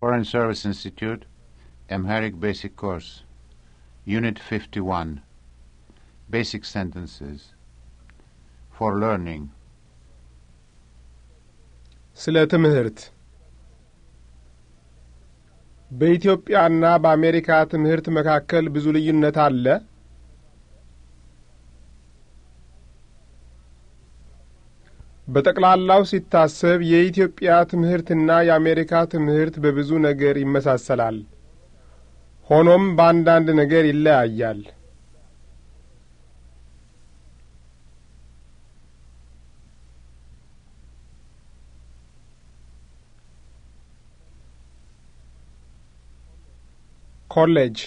Foreign Service Institute, Amharic Basic Course, Unit 51, Basic Sentences, for Learning. ስለ ትምህርት በኢትዮጵያና በአሜሪካ ትምህርት መካከል ብዙ ልዩነት አለ? በጠቅላላው ሲታሰብ የኢትዮጵያ ትምህርትና የአሜሪካ ትምህርት በብዙ ነገር ይመሳሰላል። ሆኖም በአንዳንድ ነገር ይለያያል። ኮሌጅ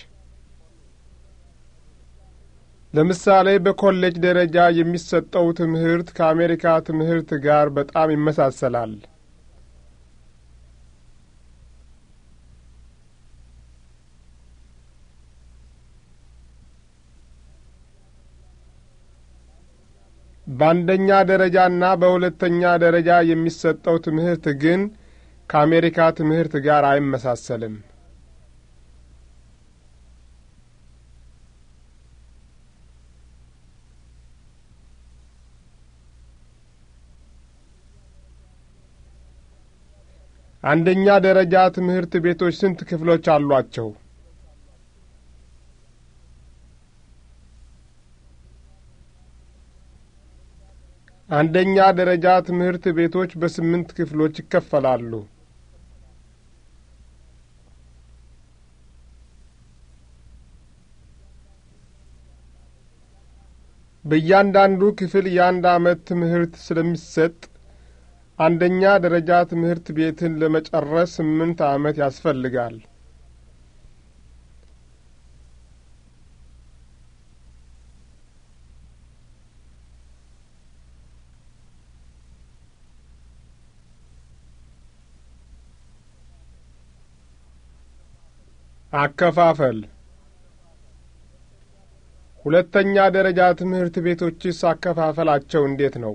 ለምሳሌ በኮሌጅ ደረጃ የሚሰጠው ትምህርት ከአሜሪካ ትምህርት ጋር በጣም ይመሳሰላል። በአንደኛ ደረጃና በሁለተኛ ደረጃ የሚሰጠው ትምህርት ግን ከአሜሪካ ትምህርት ጋር አይመሳሰልም። አንደኛ ደረጃ ትምህርት ቤቶች ስንት ክፍሎች አሏቸው? አንደኛ ደረጃ ትምህርት ቤቶች በስምንት ክፍሎች ይከፈላሉ። በእያንዳንዱ ክፍል የአንድ ዓመት ትምህርት ስለሚሰጥ አንደኛ ደረጃ ትምህርት ቤትን ለመጨረስ ስምንት ዓመት ያስፈልጋል። አከፋፈል ሁለተኛ ደረጃ ትምህርት ቤቶችስ አከፋፈላቸው እንዴት ነው?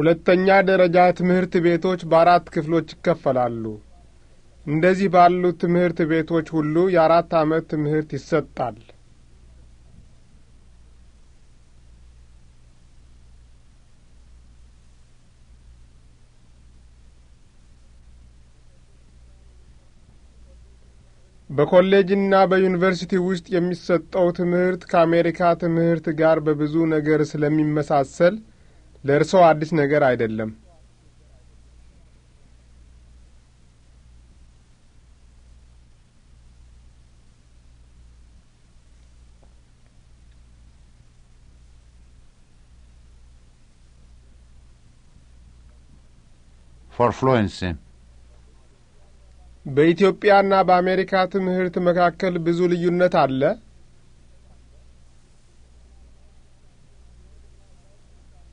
ሁለተኛ ደረጃ ትምህርት ቤቶች በአራት ክፍሎች ይከፈላሉ። እንደዚህ ባሉት ትምህርት ቤቶች ሁሉ የአራት ዓመት ትምህርት ይሰጣል። በኮሌጅና በዩኒቨርሲቲ ውስጥ የሚሰጠው ትምህርት ከአሜሪካ ትምህርት ጋር በብዙ ነገር ስለሚመሳሰል ለእርስዎ አዲስ ነገር አይደለም። ፎር ፍሉዌንሲ በኢትዮጵያና በአሜሪካ ትምህርት መካከል ብዙ ልዩነት አለ።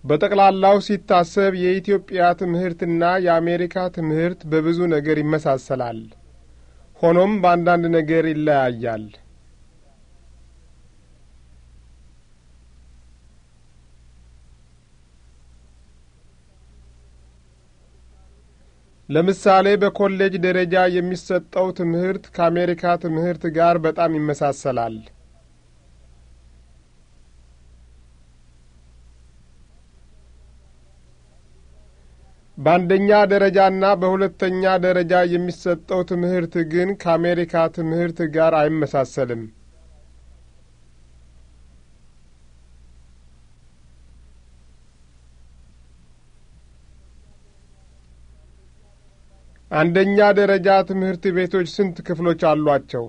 በጠቅላላው ሲታሰብ የኢትዮጵያ ትምህርትና የአሜሪካ ትምህርት በብዙ ነገር ይመሳሰላል። ሆኖም በአንዳንድ ነገር ይለያያል። ለምሳሌ በኮሌጅ ደረጃ የሚሰጠው ትምህርት ከአሜሪካ ትምህርት ጋር በጣም ይመሳሰላል። በአንደኛ ደረጃና በሁለተኛ ደረጃ የሚሰጠው ትምህርት ግን ከአሜሪካ ትምህርት ጋር አይመሳሰልም። አንደኛ ደረጃ ትምህርት ቤቶች ስንት ክፍሎች አሏቸው?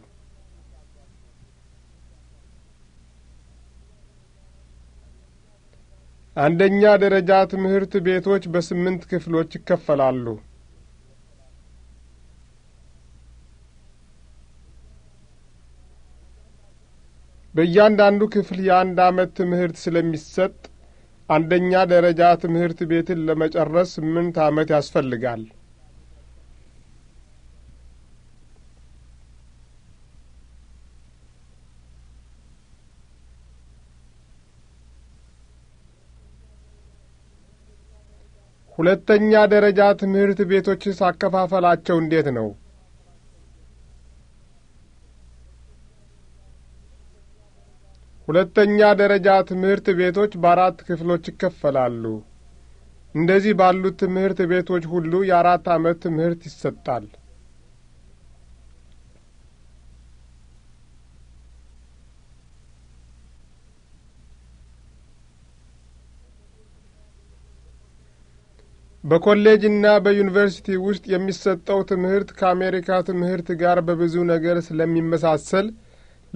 አንደኛ ደረጃ ትምህርት ቤቶች በስምንት ክፍሎች ይከፈላሉ። በእያንዳንዱ ክፍል የአንድ ዓመት ትምህርት ስለሚሰጥ አንደኛ ደረጃ ትምህርት ቤትን ለመጨረስ ስምንት ዓመት ያስፈልጋል። ሁለተኛ ደረጃ ትምህርት ቤቶችስ አከፋፈላቸው እንዴት ነው? ሁለተኛ ደረጃ ትምህርት ቤቶች በአራት ክፍሎች ይከፈላሉ። እንደዚህ ባሉት ትምህርት ቤቶች ሁሉ የአራት ዓመት ትምህርት ይሰጣል። በኮሌጅና በዩኒቨርሲቲ ውስጥ የሚሰጠው ትምህርት ከአሜሪካ ትምህርት ጋር በብዙ ነገር ስለሚመሳሰል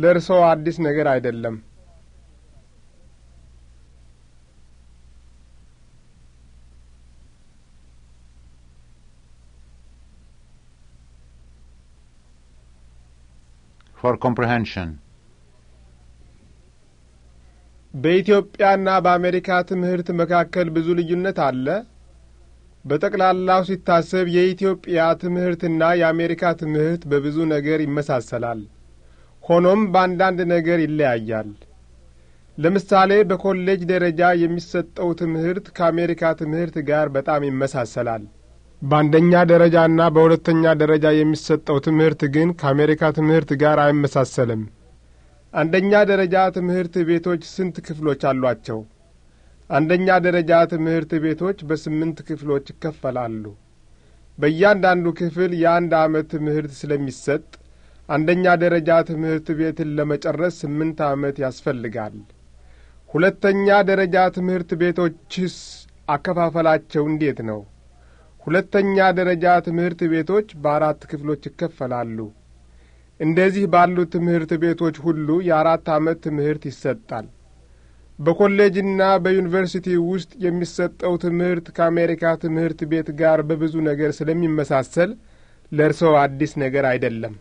ለእርስዎ አዲስ ነገር አይደለም። ፎር ኮምፕሪሄንሽን በኢትዮጵያና በአሜሪካ ትምህርት መካከል ብዙ ልዩነት አለ። በጠቅላላው ሲታሰብ የኢትዮጵያ ትምህርትና የአሜሪካ ትምህርት በብዙ ነገር ይመሳሰላል። ሆኖም በአንዳንድ ነገር ይለያያል። ለምሳሌ በኮሌጅ ደረጃ የሚሰጠው ትምህርት ከአሜሪካ ትምህርት ጋር በጣም ይመሳሰላል። በአንደኛ ደረጃና በሁለተኛ ደረጃ የሚሰጠው ትምህርት ግን ከአሜሪካ ትምህርት ጋር አይመሳሰልም። አንደኛ ደረጃ ትምህርት ቤቶች ስንት ክፍሎች አሏቸው? አንደኛ ደረጃ ትምህርት ቤቶች በስምንት ክፍሎች ይከፈላሉ። በእያንዳንዱ ክፍል የአንድ ዓመት ትምህርት ስለሚሰጥ አንደኛ ደረጃ ትምህርት ቤትን ለመጨረስ ስምንት ዓመት ያስፈልጋል። ሁለተኛ ደረጃ ትምህርት ቤቶችስ አከፋፈላቸው እንዴት ነው? ሁለተኛ ደረጃ ትምህርት ቤቶች በአራት ክፍሎች ይከፈላሉ። እንደዚህ ባሉት ትምህርት ቤቶች ሁሉ የአራት ዓመት ትምህርት ይሰጣል። በኮሌጅና በዩኒቨርሲቲ ውስጥ የሚሰጠው ትምህርት ከአሜሪካ ትምህርት ቤት ጋር በብዙ ነገር ስለሚመሳሰል ለእርስዎ አዲስ ነገር አይደለም።